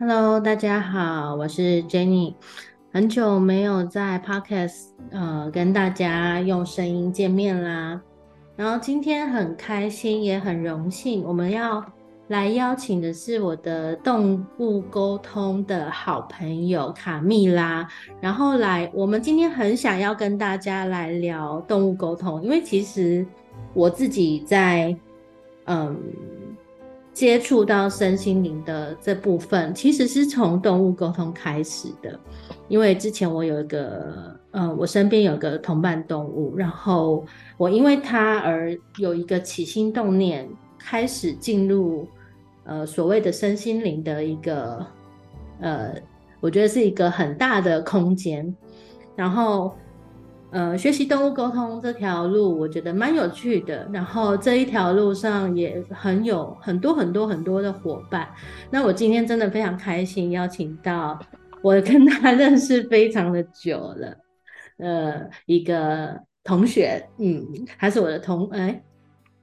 Hello，大家好，我是 Jenny，很久沒有在 Podcast 呃跟大家用聲音見面啦。然後今天很開心，也很榮幸，我們要來邀請的是我的動物溝通的好朋友卡蜜拉。然後來，我們今天很想要跟大家來聊動物溝通，因為其實我自己在嗯。接觸到身心靈的這部分，其實是從動物溝通開始的，因為之前我有一個，呃，我身邊有一個同伴動物，然後我因為它而有一個起心動念，開始進入，呃，所謂的身心靈的一個，呃，我覺得是一個很大的空間，然後。呃，學習動物溝通這條路，我覺得蠻有趣的。然後這一條路上也很有很多很多很多的夥伴。那我今天真的非常開心，邀請到我跟他認識非常的久了，呃，一個同學，嗯，他是我的同，哎，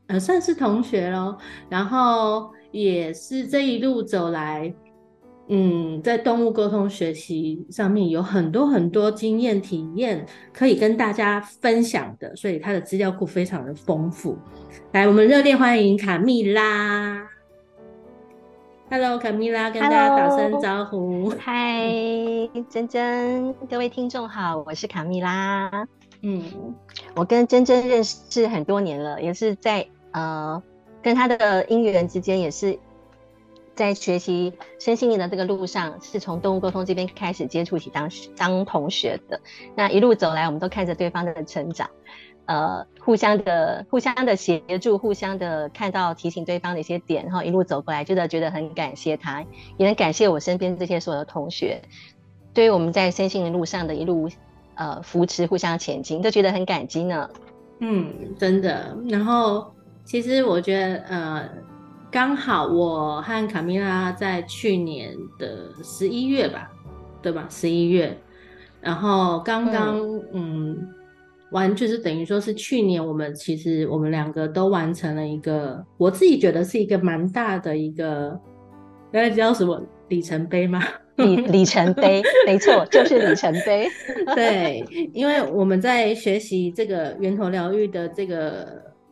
呃，算是同學咯，然後也是這一路走來。嗯，在動物溝通學習上面有很多很多經驗體驗可以跟大家分享的，所以他的資料庫非常的豐富。來，我們熱烈歡迎卡蜜拉。Hello，卡蜜拉，跟大家打聲招呼。嗨，珍珍，各位聽眾好，我是卡蜜拉。嗯，我跟珍珍認識很多年了，也是在呃跟他的音緣之間也是。在學習身心靈的這個路上，是從動物溝通這邊開始接觸起當，當當同學的那一路走來，我們都看着對方的成長，呃，互相的互相的協助，互相的看到提醒對方的一些點，然後一路走過來，真的覺得很感謝他，也很感謝我身邊這些所有的同學，對於我們在身心靈路上的一路呃扶持，互相前進，都覺得很感激呢。嗯，真的。然後其實我覺得呃。剛好我和卡蜜拉在去年的十一月吧，對吧？十一月，然後剛剛嗯，嗯完，就是等於說是去年，我們其實我們兩個都完成了一個，我自己覺得是一個蠻大的一個，大家知道什麼里程碑嗎？ 里？里程碑，沒錯，就是里程碑。 對，因為我們在學習這個源頭療癒的這個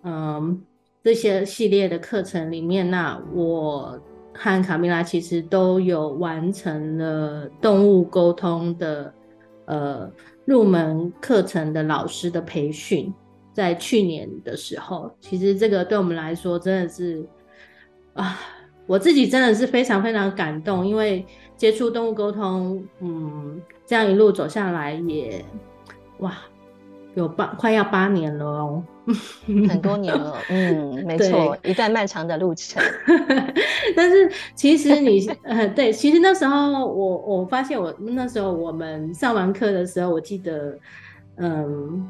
嗯。這些系列的課程裡面，啊，那我和卡蜜拉其實都有完成了動物溝通的呃入門課程的老師的培訓，在去年的時候，其實這個對我們來說真的是啊，我自己真的是非常非常感動，因為接觸動物溝通，嗯，這樣一路走下來也哇。有八快要八年了哦，喔， 很多年了，嗯，沒錯，對一段漫長的路程。 但是其實你、 呃、對，其實那時候我我發現我那時候我們上完課的時候，我記得，嗯、呃，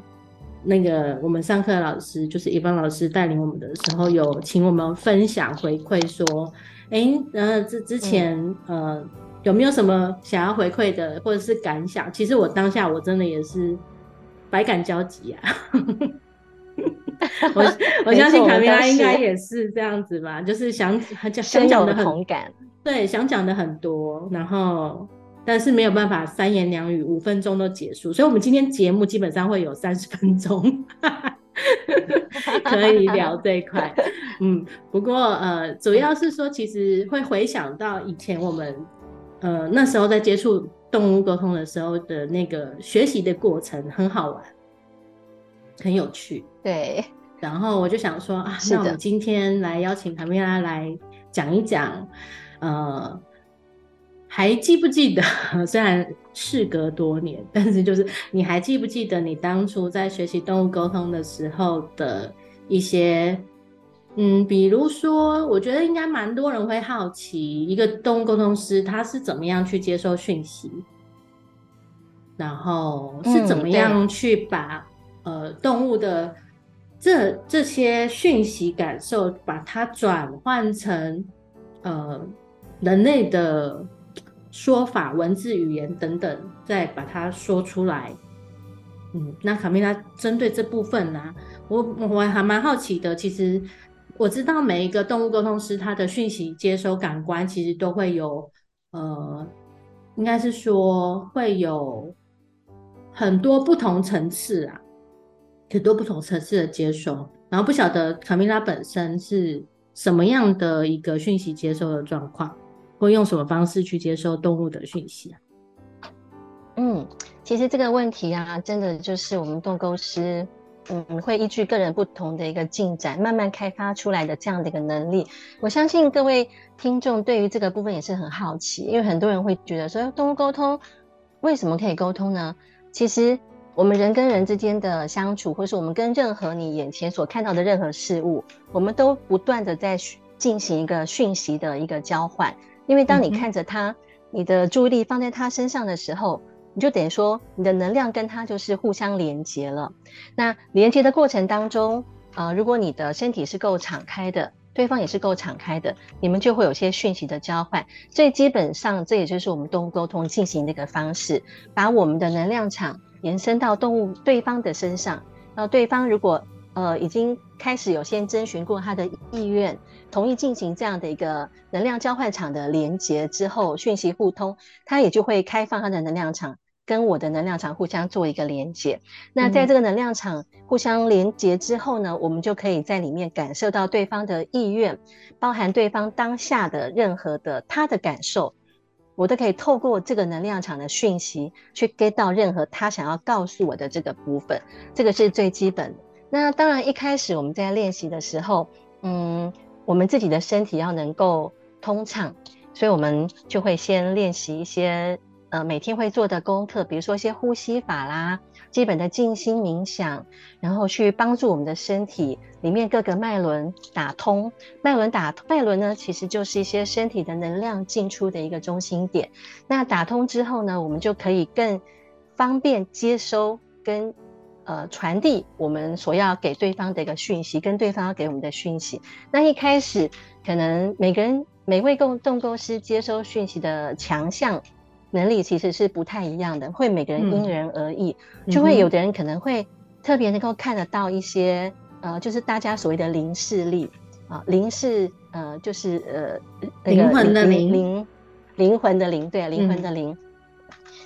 那個我們上課老師就是一般老師帶領我們的時候，有請我們分享回饋說，哎、欸，然後、呃、之之前呃有沒有什麼想要回饋的或者是感想？其實我當下我真的也是。百感交集啊， 我我相信卡蜜拉應該也是這樣子吧，就是想講想講的很感，對，想講的很多，然後但是沒有辦法三言兩語五分鐘都結束，所以我們今天節目基本上會有三十分鐘， 可以聊這一塊， 嗯，不過呃，主要是說其實會回想到以前我們呃那時候在接觸。動物溝通的時候的那個學習的過程很好玩，很有趣。對。然後我就想說的啊，那我今天來邀請卡蜜拉來講一講，呃，還記不記得？雖然事隔多年，但是就是你還記不記得你當初在學習動物溝通的時候的一些？嗯，比如說，我覺得應該蠻多人會好奇，一個動物溝通師他是怎麼樣去接受訊息，然後是怎麼樣去把、嗯、呃動物的這這些訊息感受，把它轉換成呃人類的說法、文字、語言等等，再把它說出來。嗯，那卡蜜拉針對這部分呢、啊，我我還蠻好奇的，其實。我知道每一個動物溝通師，他的訊息接收感官其實都會有，呃，應該是說會有很多不同層次啊，很多不同層次的接收。然後不曉得卡蜜拉本身是什麼樣的一個訊息接收的狀況，會用什麼方式去接收動物的訊息啊？嗯，其實這個問題啊，真的就是我們動物溝通師。嗯，會依據個人不同的一個進展，慢慢開發出來的這樣的一個能力。我相信各位聽眾對於這個部分也是很好奇，因為很多人會覺得說動物溝通為什麼可以溝通呢？其實我們人跟人之間的相處，或是我們跟任何你眼前所看到的任何事物，我們都不斷的在進行一個訊息的一個交換。因為當你看着他，嗯、哼你的注意力放在他身上的時候，你就等於說，你的能量跟它就是互相連接了。那連接的過程當中，呃，如果你的身體是夠敞開的，對方也是夠敞開的，你們就會有些訊息的交換。最基本上，這也就是我們動物溝通進行的一個方式，把我們的能量場延伸到動物對方的身上。那對方如果呃已經開始有先徵詢過他的意願，同意進行這樣的一個能量交換場的連接之後，訊息互通，他也就會開放他的能量場。跟我的能量場互相做一個連接，那在這個能量場互相連接之後呢，嗯、我們就可以在裡面感受到對方的意願，包含對方當下的任何的他的感受，我都可以透過這個能量場的訊息去 get 到任何他想要告訴我的這個部分，嗯、這個是最基本的。那當然一開始我們在練習的時候，嗯，我們自己的身體要能夠通暢，所以我們就會先練習一些。呃，每天會做的功課，比如說一些呼吸法啦，基本的靜心冥想，然後去幫助我們的身體裡面各個脈輪打通。脈輪打脈輪呢，其實就是一些身體的能量進出的一個中心點。那打通之後呢，我們就可以更方便接收跟呃傳遞我們所要給對方的一個訊息，跟對方要給我們的訊息。那一開始可能每個人每位動溝師接收訊息的強項。能力其實是不太一樣的，會每個人因人而異，嗯、就會有的人可能會特別能夠看得到一些，嗯、哼呃，就是大家所謂的靈視力啊，靈視，呃呃，就是呃那個靈魂的靈，靈魂的靈，對、啊，靈魂的靈，嗯、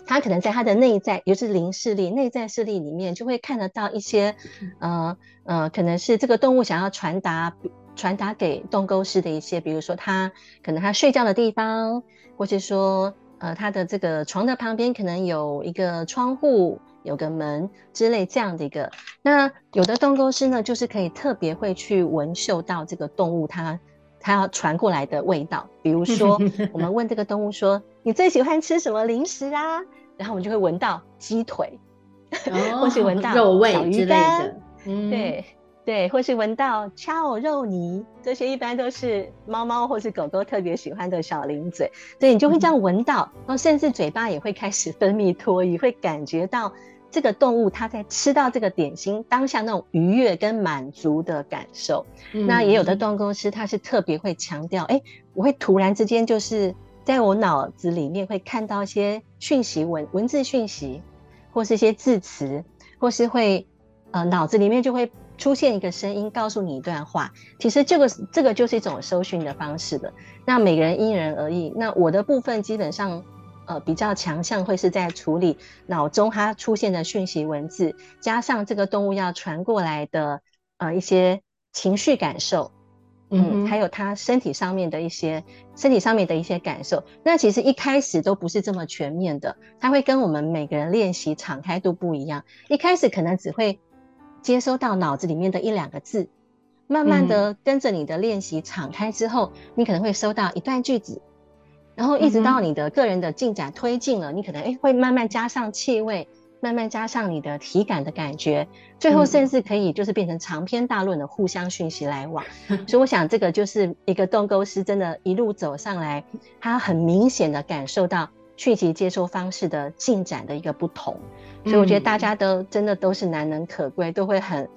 他可能在他的內在，尤其是靈視力內在視力裡面，就會看得到一些呃呃，可能是這個動物想要傳達傳達給動溝師的一些，比如說它可能它睡覺的地方，或是說，呃，它的這個床的旁邊可能有一個窗戶，有個門之類這樣的一個。那有的動物師呢，就是可以特別會去聞嗅到這個動物它它要傳過來的味道。比如說，我們問這個動物說：“ 你最喜歡吃什麼零食啊？”然後我們就會聞到雞腿，哦、 或是聞到小魚乾、肉味之類的。嗯，對。對，或是聞到 Ciao 肉泥，這些一般都是貓貓或是狗狗特別喜歡的小零嘴，所以你就會這樣聞到，然後、嗯、哼甚至嘴巴也會開始分泌唾液，會感覺到這個動物它在吃到這個點心當下那種愉悅跟滿足的感受。嗯、哼那也有的動物公司，它是特別會強調，哎、嗯哼欸，我會突然之間就是在我腦子裡面會看到一些訊息文文字訊息，或是一些字詞，或是會呃腦子裡面就會。出現一個聲音，告訴你一段話，其實這個這個就是一種收訊的方式的。那每個人因人而異。那我的部分基本上，呃，比較強項會是在處理腦中它出現的訊息文字，加上這個動物要傳過來的呃一些情緒感受，嗯，嗯還有它身體上面的一些身體上面的一些感受。那其實一開始都不是這麼全面的，它會跟我們每個人練習敞開度不一樣。一開始可能只會。接收到腦子裡面的一兩個字，慢慢的跟着你的練習敞開之後，嗯、哼你可能會收到一段句子，然後一直到你的個人的進展推進了，嗯、哼你可能哎會慢慢加上氣味，慢慢加上你的體感的感覺，最後甚至可以就是變成長篇大論的互相訊息來往。嗯、哼所以我想這個就是一個動溝師，真的，一路走上來，他很明顯的感受到。訊息接收方式的進展的一個不同，所以我覺得大家都、嗯、真的都是難能可貴，都會很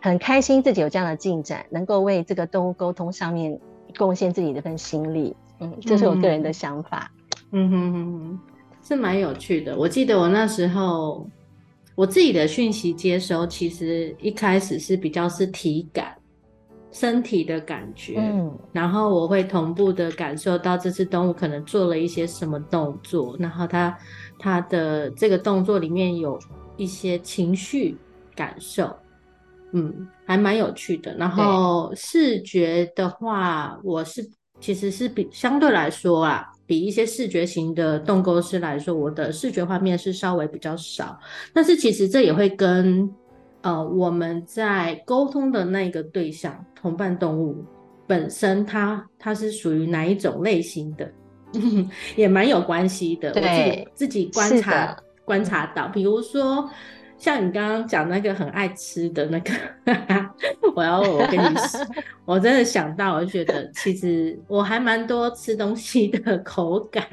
很開心自己有這樣的進展，能夠為這個動物溝通上面貢獻自己的一份心力。嗯，這是我個人的想法。嗯哼，嗯哼，是蠻有趣的。我記得我那時候，我自己的訊息接收其實一開始是比較是體感。身體的感覺，嗯，然後我會同步的感受到這隻動物可能做了一些什麼動作，然後它它的這個動作裡面有一些情緒感受，嗯，還蠻有趣的。然後視覺的話，對我是其實是比相對來說啊，比一些視覺型的動溝師來說，我的視覺畫面是稍微比較少，但是其實這也會跟。呃，我們在溝通的那個對象，同伴動物本身它、它它，是屬於哪一種類型的， 也蠻有關係的。對我自己自己觀察的觀察到，比如說像你剛剛講那個很愛吃的那個， 我要我跟你說， 我真的想到，我就覺得其實我還蠻多吃東西的口感，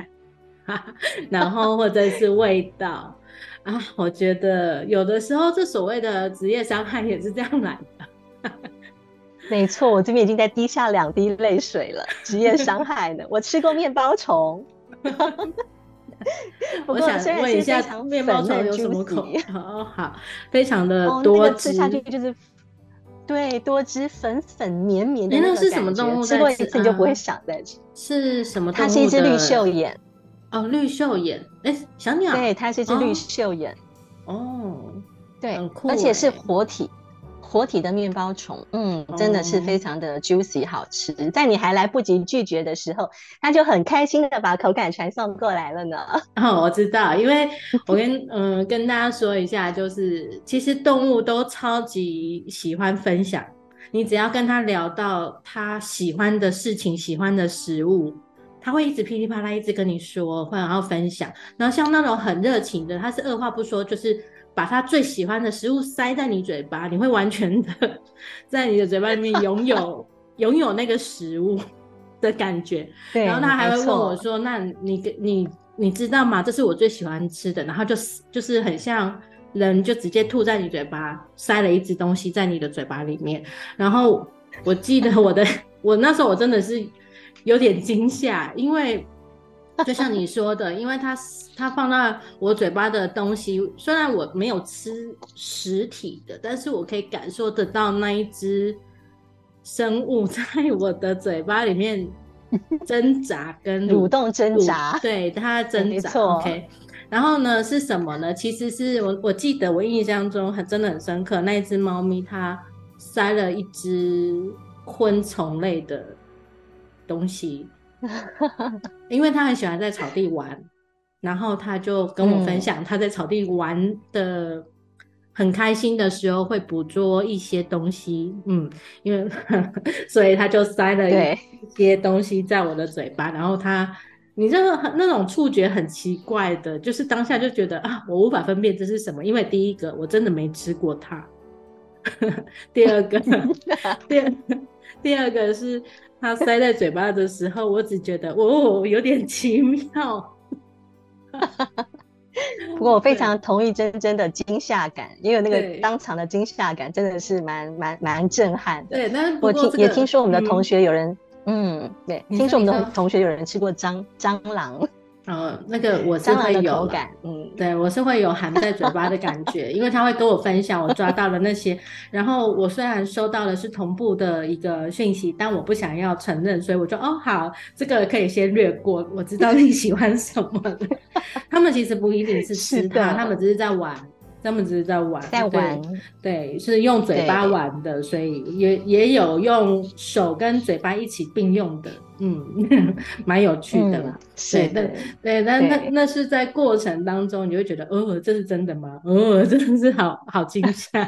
然後或者是味道。 啊，我覺得有的時候這所謂的職業傷害也是這樣來的。 沒錯，我這邊已經在滴下兩滴淚水了。職業傷害呢？ 我吃過麵包蟲。 過我想問一下，麵包蟲有什麼口味？哦，好，非常的多汁。哦、那個、吃下去就是對多汁、粉粉、綿綿的那種感覺。吃，吃過一次你就不會想再吃，啊。是什麼的？它是一隻綠繡眼。哦，綠繡眼，哎、欸，小鳥，對，它是一隻綠繡眼，哦，oh. oh. 對，很酷，欸，而且是活體，活體的麵包蟲，嗯，oh. 真的是非常的 juicy，好吃，在你還來不及拒絕的時候，它就很開心的把口感傳送過來了呢。哦，我知道，因為我跟嗯 跟大家說一下，就是其實動物都超級喜歡分享，你只要跟他聊到他喜歡的事情，喜歡的食物，他會一直噼裡啪啦一直跟你說，會然後分享，然後像那種很熱情的，他是二話不說，就是把他最喜歡的食物塞在你嘴巴，你會完全的在你的嘴巴裡面擁有擁 有那個食物的感覺。對，然後他還會問我說：“那你你你知道嗎？這是我最喜歡吃的。”然後就是、就是很像人就直接吐在你嘴巴，塞了一只東西在你的嘴巴裡面。然後我記得我的 我那時候我真的是。有點驚嚇，因為就像你說的， 因為它它放到我嘴巴的東西，雖然我沒有吃實體的，但是我可以感受得到那一只生物在我的嘴巴裡面掙扎, 扎，跟蠕動掙扎，對，它掙扎。OK，然後呢是什麼呢？其實是我我記得，我印象中很真的很深刻，那一只貓咪它塞了一只昆蟲類的。東西，因為他很喜歡在草地玩，然後他就跟我分享他在草地玩的很開心的時候會捕捉一些東西，嗯，因為呵呵所以他就塞了一些東西在我的嘴巴，對然後他你這個那種觸覺很奇怪的，就是當下就覺得啊，我無法分辨這是什麼，因為第一個我真的沒吃過它，呵呵第二個，第二第二個是他塞在嘴巴的時候， 我只覺得哦有點奇妙。 不過我非常同意珍珍的驚嚇感，因為那個當場的驚嚇感真的是蠻蠻蠻震撼的。對，那、這個、我聽也聽說我們的同學有人嗯，嗯，對，聽說我們的同學有人吃過蟑蟑螂。呃，那個我是會有，嗯，對，我是會有含在嘴巴的感覺， 因為他會跟我分享我抓到的那些。然後我雖然收到的是同步的一個訊息， 但我不想要承認，所以我就哦，好，這個可以先略過。 我知道你喜歡什麼的。 他們其實不一定是吃它，的他們只是在玩，他們只是在玩，在玩，對，對，是用嘴巴玩的，對所以也也有用手跟嘴巴一起並用的。嗯，蠻、嗯、有趣的啦。是、嗯，對，的對，但那那對那是在過程當中，你會覺得，哦、呃，這是真的嗎？哦、呃，真的是好好驚嚇，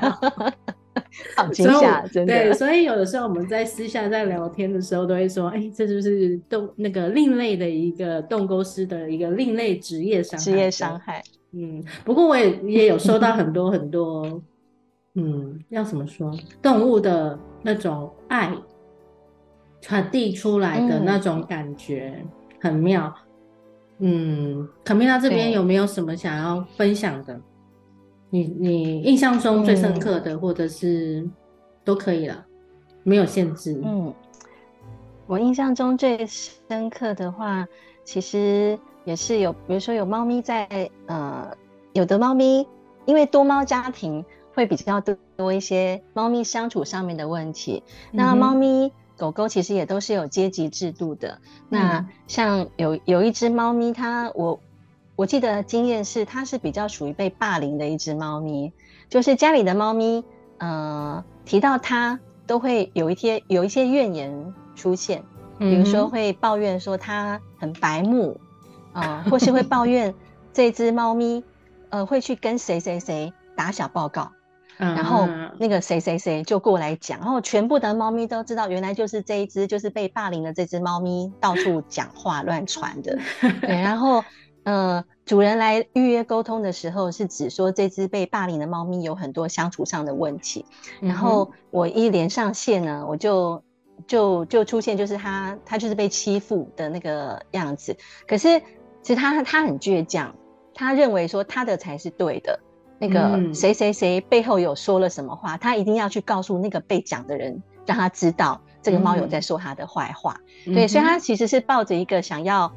好驚嚇、喔， 嚇真的。對，所以有的時候我們在私下在聊天的時候，都會說，哎、欸，這就是，是動那個另類的一個動溝師的一個另類職業傷職業傷害。嗯，不過我也也有收到很多很多， 嗯，要怎麼說，動物的那種愛。傳遞出來的那種感覺、嗯、很妙。嗯，卡蜜拉這邊有沒有什麼想要分享的？對你你印象中最深刻的，嗯、或者是都可以了，沒有限制。嗯，我印象中最深刻的話，其實也是有，比如說有貓咪在，呃，有的貓咪因為多貓家庭會比較多一些貓咪相處上面的問題，那、嗯、哼貓咪。狗狗其實也都是有階級制度的。那像有有一隻貓咪它，它我我記得經驗是，它是比較屬於被霸凌的一隻貓咪。就是家裡的貓咪，呃，提到它都會有一些有一些怨言出現，比如說會抱怨說它很白目啊，呃，或是會抱怨這隻貓咪，呃，會去跟誰誰誰打小報告。然後那個誰誰誰就過來講，然後全部的貓咪都知道，原來就是這一隻就是被霸凌的這隻貓咪到處講話亂傳的。對，然後呃，主人來預約溝通的時候是指說這隻被霸凌的貓咪有很多相處上的問題。然後我一連上線呢，我就就就出現就是他他就是被欺負的那個樣子。可是其實他他很倔強，他認為說他的才是對的。那個誰誰誰背後有說了什麼話，嗯、他一定要去告訴那個被講的人，讓他知道這個貓有在說他的壞話。嗯、對，所以他其實是抱着一個想要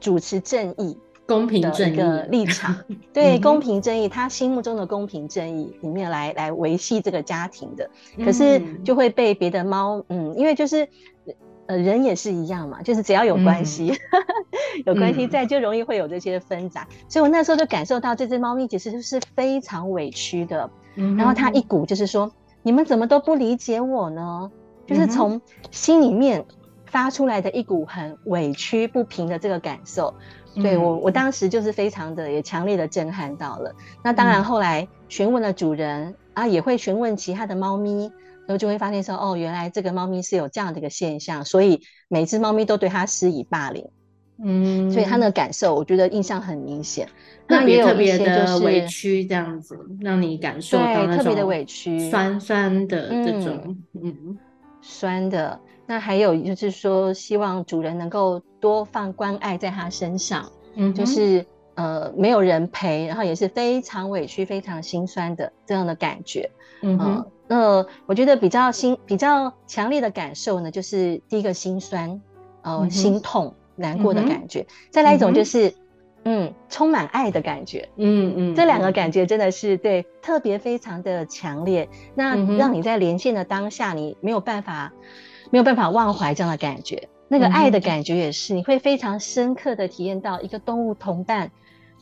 主持正義、公平的一個立場，公平正義。 對，公平正義，他心目中的公平正義裡面來來維繫這個家庭的。可是就會被別的貓，嗯，因為就是。呃，人也是一樣嘛，就是只要有關係，嗯、 有關係係在，嗯、再就容易會有這些紛雜。所以我那時候就感受到這隻貓咪其實就是非常委屈的，嗯、哼然後它一股就是說，你們怎麼都不理解我呢？嗯、哼就是從心裡面發出來的一股很委屈不平的這個感受，嗯、哼對，我我當時就是非常的也強烈的震撼到了。那當然，後來詢問了主人啊，也會詢問其他的貓咪。然後就會發現說，哦，原來這個貓咪是有這樣的一個現象，所以每只貓咪都對它施以霸凌，嗯，所以它的感受，我覺得印象很明顯。特別那也有些、就是、特別的委屈這樣子，讓你感受到特別的委屈、酸酸的這種，嗯，嗯酸的。那還有就是說，希望主人能夠多放關愛在它身上，嗯哼，就是呃，沒有人陪，然後也是非常委屈、非常心酸的這樣的感覺，嗯哼。呃呃，我覺得比較心比較強烈的感受呢，就是第一個心酸，呃，mm hmm. 心痛、難過的感覺；mm hmm. 再來一種就是，mm hmm. 嗯，充滿愛的感覺。嗯嗯、mm，hmm. 這兩個感覺真的是，對，特別非常的強烈。Mm hmm. 那讓你在連線的當下，你沒有辦法沒有辦法忘懷這樣的感覺。那個愛的感覺也是，mm hmm. 你會非常深刻的體驗到一個動物同伴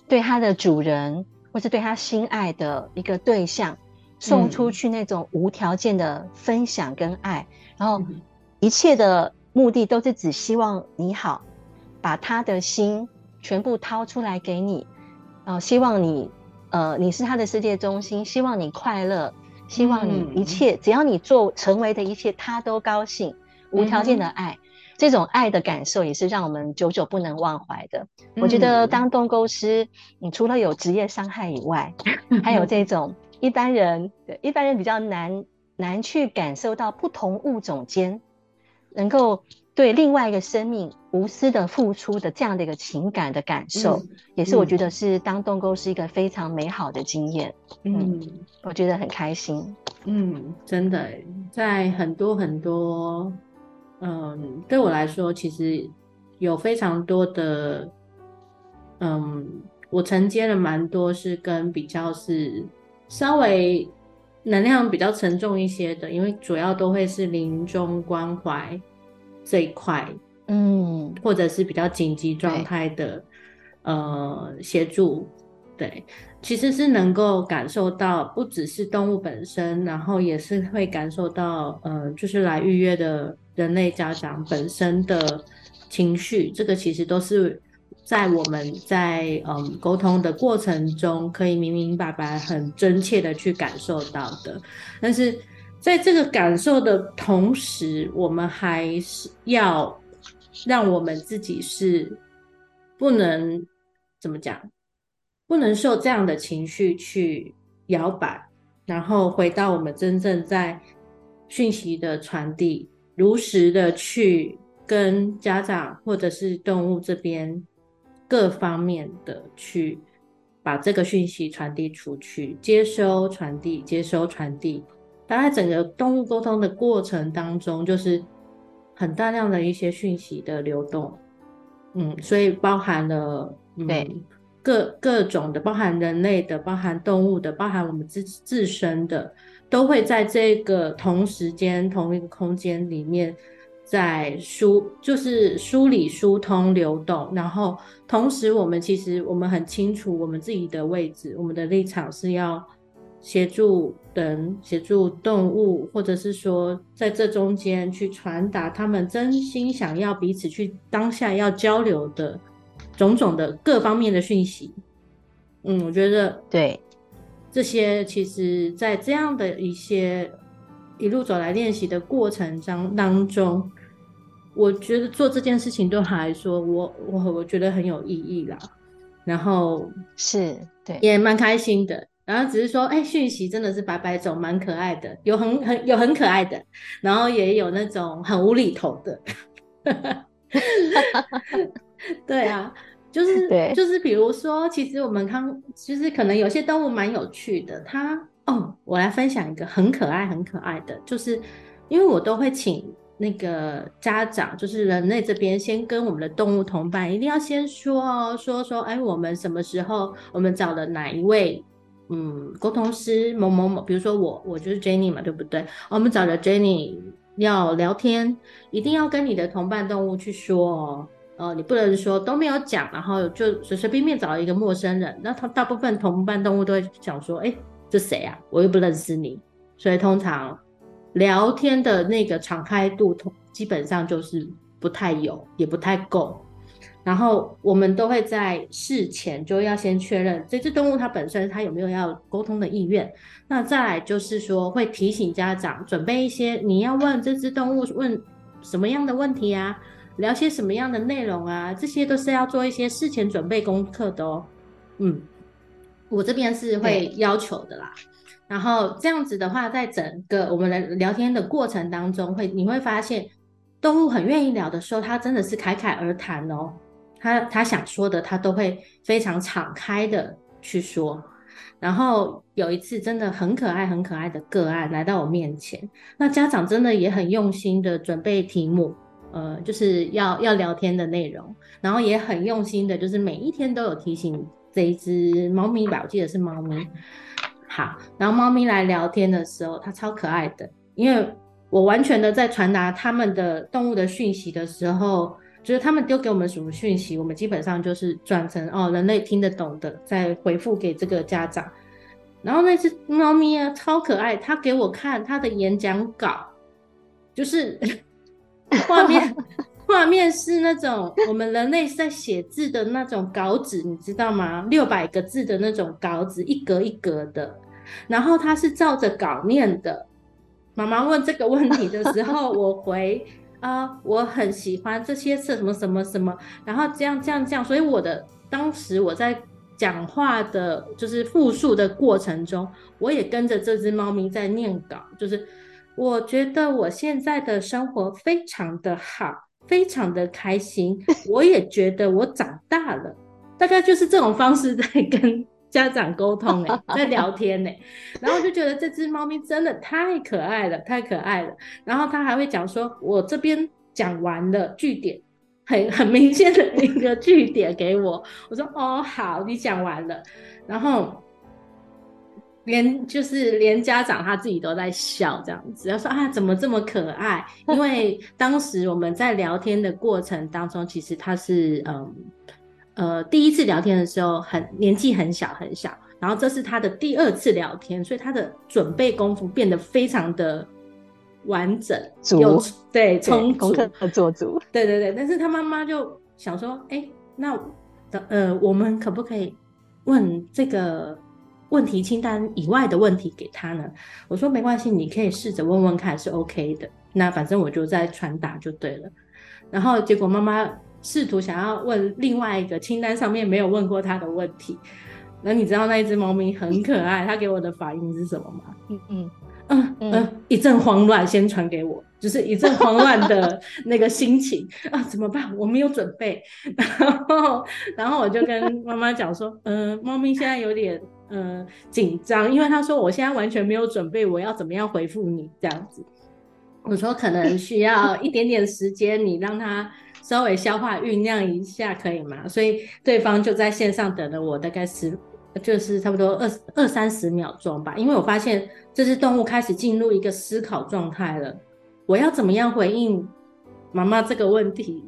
對它的主人，或是對他心愛的一個對象。送出去那種無條件的分享跟愛，嗯、然後一切的目的都是只希望你好，把他的心全部掏出來給你，然後希望你呃，你是他的世界中心，希望你快樂，希望你一切、嗯、只要你做成為的一切他都高興，無條件的愛，嗯、這種愛的感受也是讓我們久久不能忘懷的。嗯、我覺得當動物溝通師，你除了有職業傷害以外，還有這種。一般人對一般人比較難難去感受到不同物種間能夠對另外一個生命無私的付出的這樣的一個情感的感受，嗯、也是我覺得是當動溝是一個非常美好的經驗。嗯，嗯我覺得很開心。嗯，真的，在很多很多，嗯，對我來說，其實有非常多的，嗯，我承接了蠻多是跟比較是。稍微能量比較沉重一些的，因為主要都會是臨終關懷這一塊，嗯，或者是比較緊急狀態的，對，呃，協助，對，其實是能夠感受到，不只是動物本身，嗯、然後也是會感受到，呃，就是來預約的人類家長本身的情緒，這個其實都是。在我們在嗯溝通的過程中，可以明明白白、很真切的去感受到的。但是在這個感受的同時，我們還是要讓我們自己是不能怎麼講，不能受這樣的情緒去搖擺，然後回到我們真正在訊息的傳遞，如實的去跟家長或者是動物這邊。各方面的去把這個訊息傳遞出去，接收、傳遞、接收、傳遞，它，在整個動物溝通的過程當中，就是很大量的一些訊息的流動，嗯，所以包含了、嗯、對各各種的，包含人類的，包含動物的，包含我們自自身的，都會在這個同時間、同一個空間裡面。在梳，就是梳理、疏通、流動，然後同時我們其實我們很清楚我們自己的位置，我們的立場是要協助人、協助動物，或者是說在這中間去傳達他們真心想要彼此去當下要交流的種種的各方面的訊息。嗯，我覺得對這些，其實在這樣的一些一路走來練習的過程當當中。我覺得做這件事情對他來說，我我我覺得很有意義啦，然後是對，也蠻開心的。然後只是說，哎、欸，訊息真的是百百種，蠻可愛的，有很很有很可愛的，然後也有那種很無厘頭的。 對啊，就是對，就是比如說，其實我們看，其實可能有些動物蠻有趣的。它哦，我來分享一個很可愛、很可愛的，就是因為我都會請。那個家長就是人類這邊，先跟我們的動物同伴一定要先說哦，說說，哎，我們什麼時候，我們找了哪一位，嗯，溝通師某某某，比如說我，我就是 Jenny 嘛，對不對？我們找了 Jenny 要聊天，一定要跟你的同伴動物去說哦，呃，你不能說都沒有講，然後就隨隨便便找一個陌生人，那他大部分同伴動物都會想說，哎、欸，這誰啊？我又不認識你，所以通常。聊天的那個敞開度，基本上就是不太有，也不太夠。然後我們都會在事前就要先確認這隻動物它本身它有沒有要溝通的意願。那再來就是說會提醒家長準備一些，你要問這隻動物問什麼樣的問題啊，聊些什麼樣的內容啊，這些都是要做一些事前準備功課的哦。嗯，我這邊是會要求的啦。然後這樣子的話，在整個我們來聊天的過程當中會，會你會發現，動物很願意聊的時候，他真的是侃侃而談哦。他他想說的，他都會非常敞開的去說。然後有一次，真的很可愛、很可愛的個案來到我面前，那家長真的也很用心的準備題目，呃，就是要要聊天的內容，然後也很用心的，就是每一天都有提醒這一只貓咪吧，我記得是貓咪。好，然後貓咪來聊天的時候，它超可愛的，因為我完全的在傳達它們的動物的訊息的時候，就是它們丟給我們什麼訊息，我們基本上就是轉成哦人類聽得懂的，再回覆給這個家長。然後那只貓咪啊，超可愛，它給我看它的演講稿，就是畫面。 畫面是那種我們人類在寫字的那種稿紙，你知道嗎？六百個字的那種稿紙，一格一格的。然後他是照着稿念的。媽媽問這個問題的時候，我回啊、 呃，我很喜歡這些字，什麼什麼什麼。然後這樣這樣這樣。所以我的當時我在講話的，就是複述的過程中，我也跟着這隻貓咪在念稿。就是我覺得我現在的生活非常的好。非常的開心，我也覺得我長大了， 大概就是這種方式在跟家長溝通哎，欸，在聊天哎、欸， 然後就覺得這只貓咪真的太可愛了，太可愛了。然後它還會講說，我這邊講完了句點，很很明顯的一個句點給我，我說哦好，你講完了，然後。連就是連家長他自己都在笑這樣子，要說啊怎麼這麼可愛？因為當時我們在聊天的過程當中， 其實他是嗯呃第一次聊天的時候很年紀很小很小，然後這是他的第二次聊天，所以他的準備功夫變得非常的完整，有足對，對充足和做足，對對對。但是他媽媽就想說，哎，那呃我們可不可以問這個？嗯問題清單以外的問題給他呢？我說沒關係，你可以試着問問看是 OK 的。那反正我就在傳達就對了。然後結果媽媽試圖想要問另外一個清單上面沒有問過他的問題。那你知道那一只貓咪很可愛，嗯、它給我的反應是什麼嗎？嗯嗯嗯嗯，一陣慌亂，先傳給我，就是一陣慌亂的那個心情 啊，怎麼辦？我沒有準備。然後然後我就跟媽媽講說，嗯、 呃，貓咪現在有點。呃，緊張、嗯，因為他說我現在完全沒有準備，我要怎麼樣回復你這樣子？我說可能需要一點點時間，你讓他稍微消化醞釀一下，可以嗎？所以對方就在線上等了我大概十，就是差不多二二三十秒鐘吧。因為我發現這只動物開始進入一個思考狀態了，我要怎麼樣回應媽媽這個問題？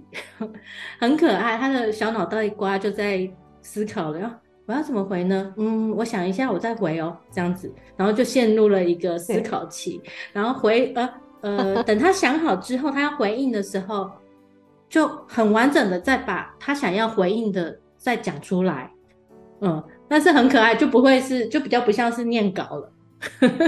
很可愛，他的小腦袋一瓜就在思考了。我要、啊、怎麼回呢？嗯，我想一下，我再回哦，這樣子，然後就陷入了一個思考期，對然後回呃、呃，等他想好之後，他要回應的時候， 就很完整的再把他想要回應的再講出來，嗯，但是很可愛，就不會是就比較不像是念稿了，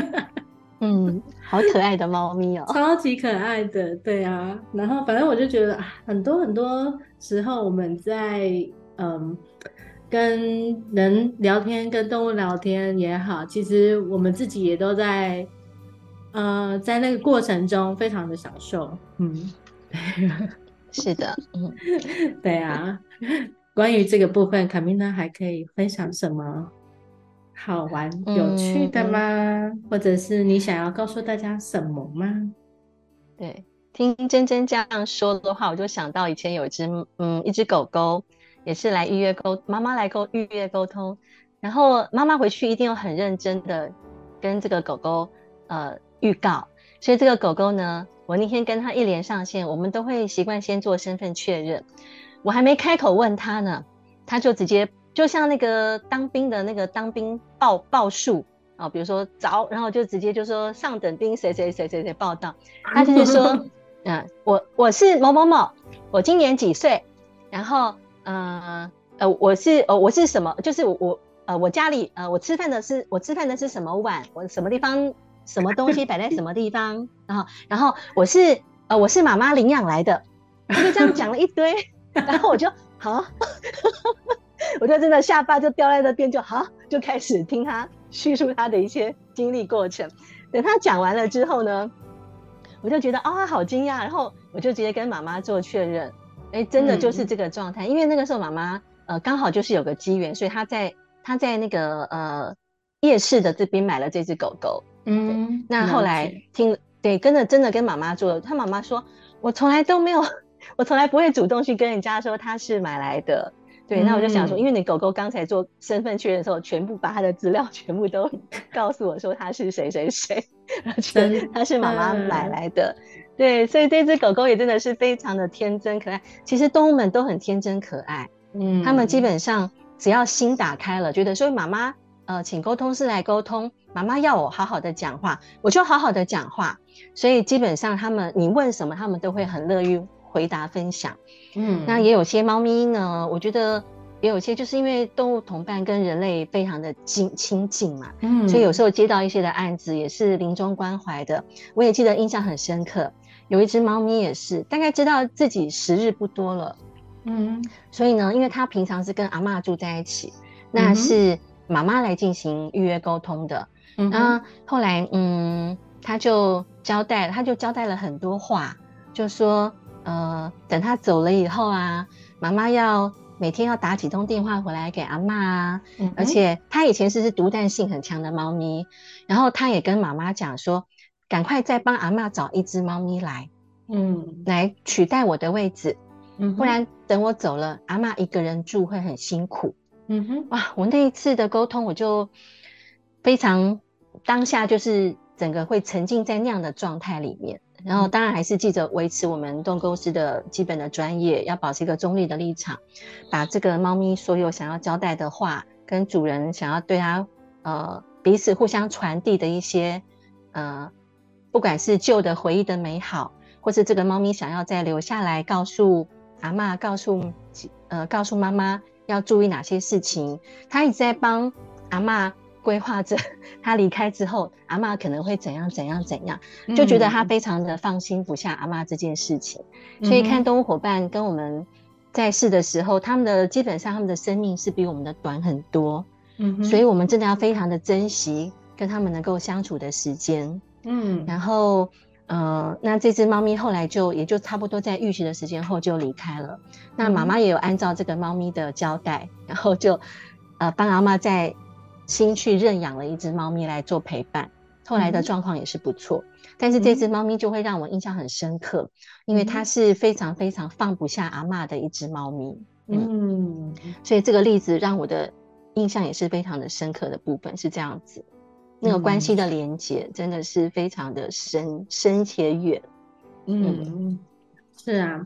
嗯，好可愛的貓咪哦，超級可愛的，對啊，然後反正我就覺得啊，很多很多時候我們在嗯。跟人聊天，跟動物聊天也好，其實我們自己也都在，呃，在那個過程中非常的享受。嗯，啊、是的， 對啊。關於這個部分，卡米娜還可以分享什麼好玩、嗯、有趣的嗎？嗯、或者是你想要告訴大家什麼嗎？對，聽真真這樣說的話，我就想到以前有一只，嗯，一隻狗狗。也是來預約溝媽媽來溝預約溝通，然後媽媽回去一定要很認真的跟這個狗狗呃預告，所以這個狗狗呢，我那天跟他一連上線，我們都會習慣先做身份確認。我還沒開口問他呢，他就直接就像那個當兵的那個當兵報報數啊，比如說早，然後就直接就說上等兵誰誰誰誰誰報到，他就是說嗯、 呃，我我是某某某，我今年幾歲，然後。嗯呃，呃，我是呃，我是什麼？就是我呃，我家裡呃，我吃飯的是我吃飯的是什麼碗？我什麼地方什麼東西擺在什麼地方？然後、 啊、然後我是呃，我是媽媽領養來的，他就這樣講了一堆， 然後我就好， 我就真的下巴就掉在那邊就好，就開始聽他敘述他的一些經歷過程。等他講完了之後呢，我就覺得啊、哦，好驚訝，然後我就直接跟媽媽做確認。哎、欸，真的就是這個狀態，嗯、因為那個時候媽媽呃剛好就是有個機緣，所以她在她在那個呃夜市的這邊買了這只狗狗。嗯，那後來聽，了解，對，跟着真的跟媽媽做，她媽媽說：“我從來都沒有，我從來不會主動去跟人家說她是買來的。”對，嗯、那我就想說，因為你狗狗剛才做身份確認的時候，全部把它的資料全部都告訴我說它是誰誰誰，嗯、而且它是媽媽買來的。嗯.對，所以這隻狗狗也真的是非常的天真可愛。其實動物們都很天真可愛，嗯，他們基本上只要心打開了，覺得說媽媽，呃，請溝通師來溝通，媽媽要我好好的講話，我就好好的講話。所以基本上他們，你問什麼，他們都會很樂於回答分享。嗯，那也有些貓咪呢，我覺得也有些就是因為動物同伴跟人類非常的親親近嘛，嗯，所以有時候接到一些的案子也是臨終關懷的，我也記得印象很深刻。有一隻貓咪也是大概知道自己時日不多了，嗯哼，所以呢，因為它平常是跟阿嬤住在一起，那是媽媽來進行預約溝通的，嗯、哼然後，後來嗯，他就交代，他就交代了很多話，就說呃，等他走了以後啊，媽媽要每天要打幾通電話回來給阿嬤啊，嗯、哼而且他以前是隻獨斷性很強的貓咪，然後他也跟媽媽講說，趕快再幫阿嬤找一隻貓咪來，嗯，來取代我的位置，嗯哼，不然等我走了，阿嬤一個人住會很辛苦。嗯哼，哇，我那一次的溝通，我就非常當下就是整個會沉浸在那樣的狀態裡面，嗯、然後當然還是記得維持我們動溝師的基本的專業，要保持一個中立的立場，把這個貓咪所有想要交代的話，跟主人想要對他呃彼此互相傳遞的一些呃。不管是舊的回憶的美好，或是這個貓咪想要再留下來告訴阿，告訴阿媽，告訴呃，告訴媽媽要注意哪些事情，它一直在幫阿媽規劃着。它離開之後，阿媽可能會怎樣怎樣怎樣，就覺得他非常的放心不下阿媽這件事情。Mm hmm. 所以看動物伙伴跟我們在世的時候，mm hmm. 他們的基本上他們的生命是比我們的短很多，嗯、mm，hmm. 所以我們真的要非常的珍惜跟他們能夠相處的時間。嗯，然後，呃，那這只貓咪後來就也就差不多在預期的時間後就離開了。嗯、那媽媽也有按照這個貓咪的交代，然後就，呃，幫阿嬤在新去認養了一只貓咪來做陪伴。後來的狀況也是不錯。嗯、但是這只貓咪就會讓我印象很深刻，嗯、因為它是非常非常放不下阿嬤的一只貓咪。嗯，嗯，所以這個例子讓我的印象也是非常的深刻的部分是這樣子。那個關係的連接真的是非常的深，嗯、深且遠，嗯、嗯，是啊，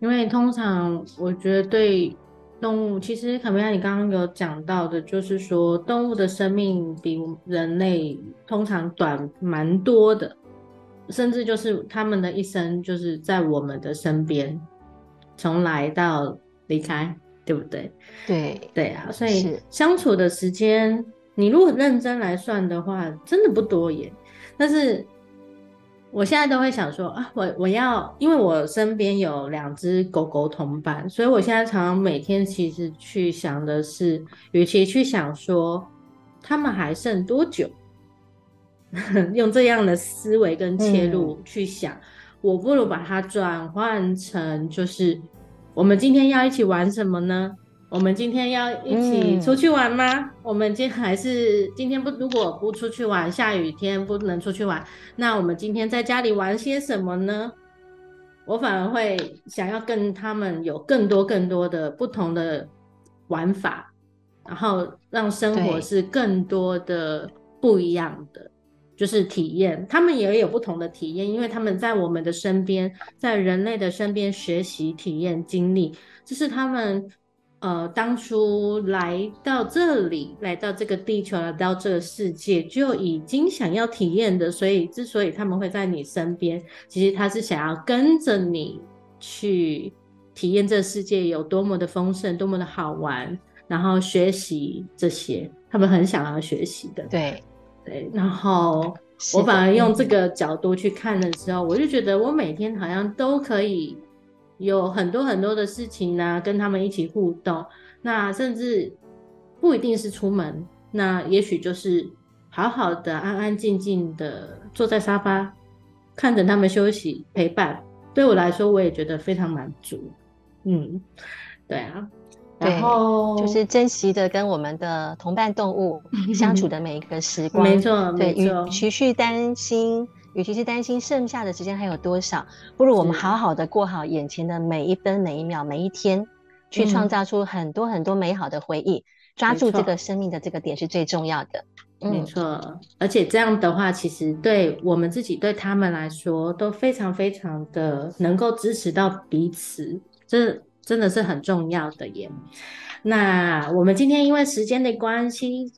因為通常我覺得對動物，其實卡蜜拉你剛剛有講到的，就是說動物的生命比人類通常短蠻多的，甚至就是他們的一生就是在我們的身邊，從來到離開，對不對？對對啊，所以相處的時間。你如果認真來算的話，真的不多耶。但是我現在都會想說啊，我我要，因為我身邊有兩隻狗狗同伴，所以我現在常常每天其實去想的是，與其去想說他們還剩多久， 用這樣的思維跟切入去想，嗯、我不如把它轉換成就是，我們今天要一起玩什麼呢？我們今天要一起出去玩嗎？嗯、我們今天還是今天不？如果不出去玩，下雨天不能出去玩，那我們今天在家裡玩些什麼呢？我反而會想要跟他們有更多更多的不同的玩法，然後讓生活是更多的不一樣的，對就是體驗。他們也有不同的體驗，因為他們在我們的身邊，在人類的身邊學習、體驗、經歷，這是他們。呃，當初來到這裡，來到這個地球，來到這個世界，就已經想要體驗的。所以，之所以他們會在你身邊，其實他是想要跟着你去體驗這個世界有多麼的豐盛，多麼的好玩，然後學習這些，他們很想要學習的。對，對。然後我反而用這個角度去看的時候，嗯，我就覺得我每天好像都可以。有很多很多的事情呢、啊，跟他們一起互動，那甚至不一定是出門，那也許就是好好的安安靜靜的坐在沙發，看着他們休息陪伴，對我來說我也覺得非常滿足。嗯，對啊，對，然後就是珍惜的跟我們的同伴動物相處的每一個時光。 沒錯，沒錯。對，持續擔心。與其是擔心剩下的時間還有多少，不如我們好好的過好眼前的每一分是每一秒每一天，去創造出很多很多美好的回憶，嗯、抓住這個生命的這個點是最重要的。沒錯錯，嗯、而且這樣的話，其實對我們自己對他們來說都非常非常的能夠支持到彼此，這真的是很重要的耶。那我們今天因為時間的關係。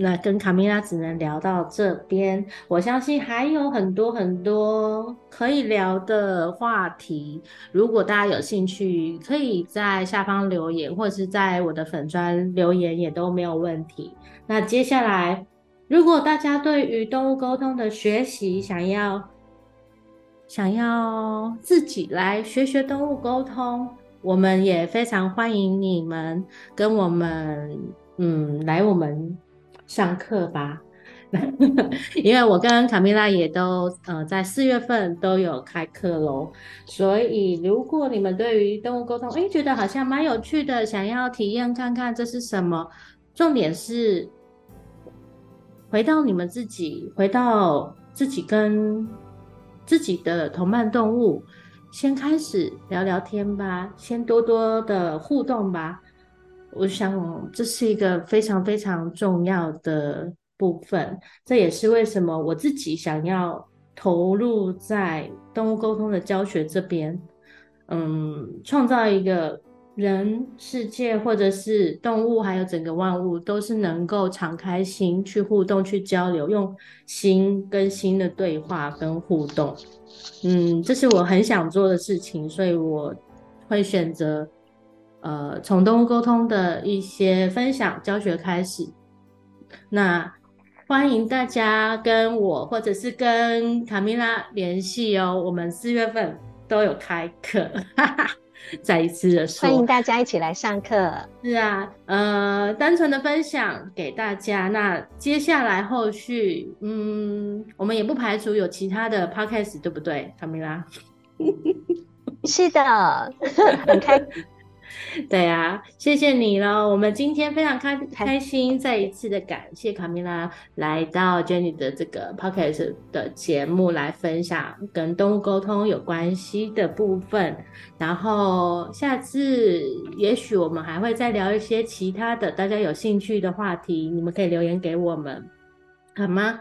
那跟卡蜜拉只能聊到這邊，我相信還有很多很多可以聊的話題。如果大家有興趣，可以在下方留言，或者是在我的粉專留言也都沒有問題。那接下來，如果大家對於動物溝通的學習想要想要自己來學學動物溝通，我們也非常歡迎你們跟我們嗯來我們。上課吧， 因為我跟卡蜜拉也都呃在四月份都有開課咯， 所以如果你們對於動物溝通，誒、欸，覺得好像蠻有趣的，想要體驗看看這是什麼，重點是回到你們自己，回到自己跟自己的同伴動物，先開始聊聊天吧，先多多的互動吧。我想這是一個非常非常重要的部分，這也是為什麼我自己想要投入在動物溝通的教學這邊。嗯，創造一個人、世界，或者是動物，還有整個萬物，都是能夠敞開心去互動、去交流，用心跟心的對話跟互動。嗯，這是我很想做的事情，所以我會選擇。呃，從動物溝通的一些分享教學開始，那歡迎大家跟我或者是跟卡蜜拉聯繫哦。我們四月份都有開課哈哈，再一次的說，歡迎大家一起來上課。是啊，呃，單純的分享給大家。那接下來後續，嗯，我們也不排除有其他的 podcast，對不對？卡蜜拉？ 是的， 很開心。對啊，謝謝你咯，我們今天非常開、開心，再一次的感謝卡蜜拉來到 Jenny 的這個 Podcast 的節目來分享跟動物溝通有關係的部分。然後下次也許我們還會再聊一些其他的大家有興趣的話題，你們可以留言給我們，好嗎？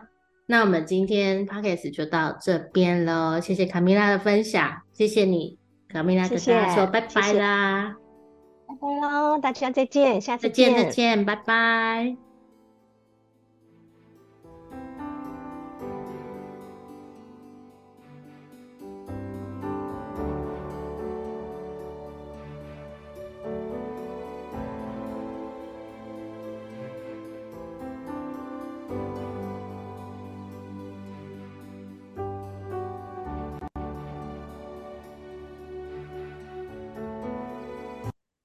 那我們今天 Podcast 就到這邊了，謝謝卡蜜拉的分享，謝謝你，卡蜜拉跟大家說謝謝拜拜啦。謝謝拜拜嘍，大家再見，下次再見，再見，拜拜。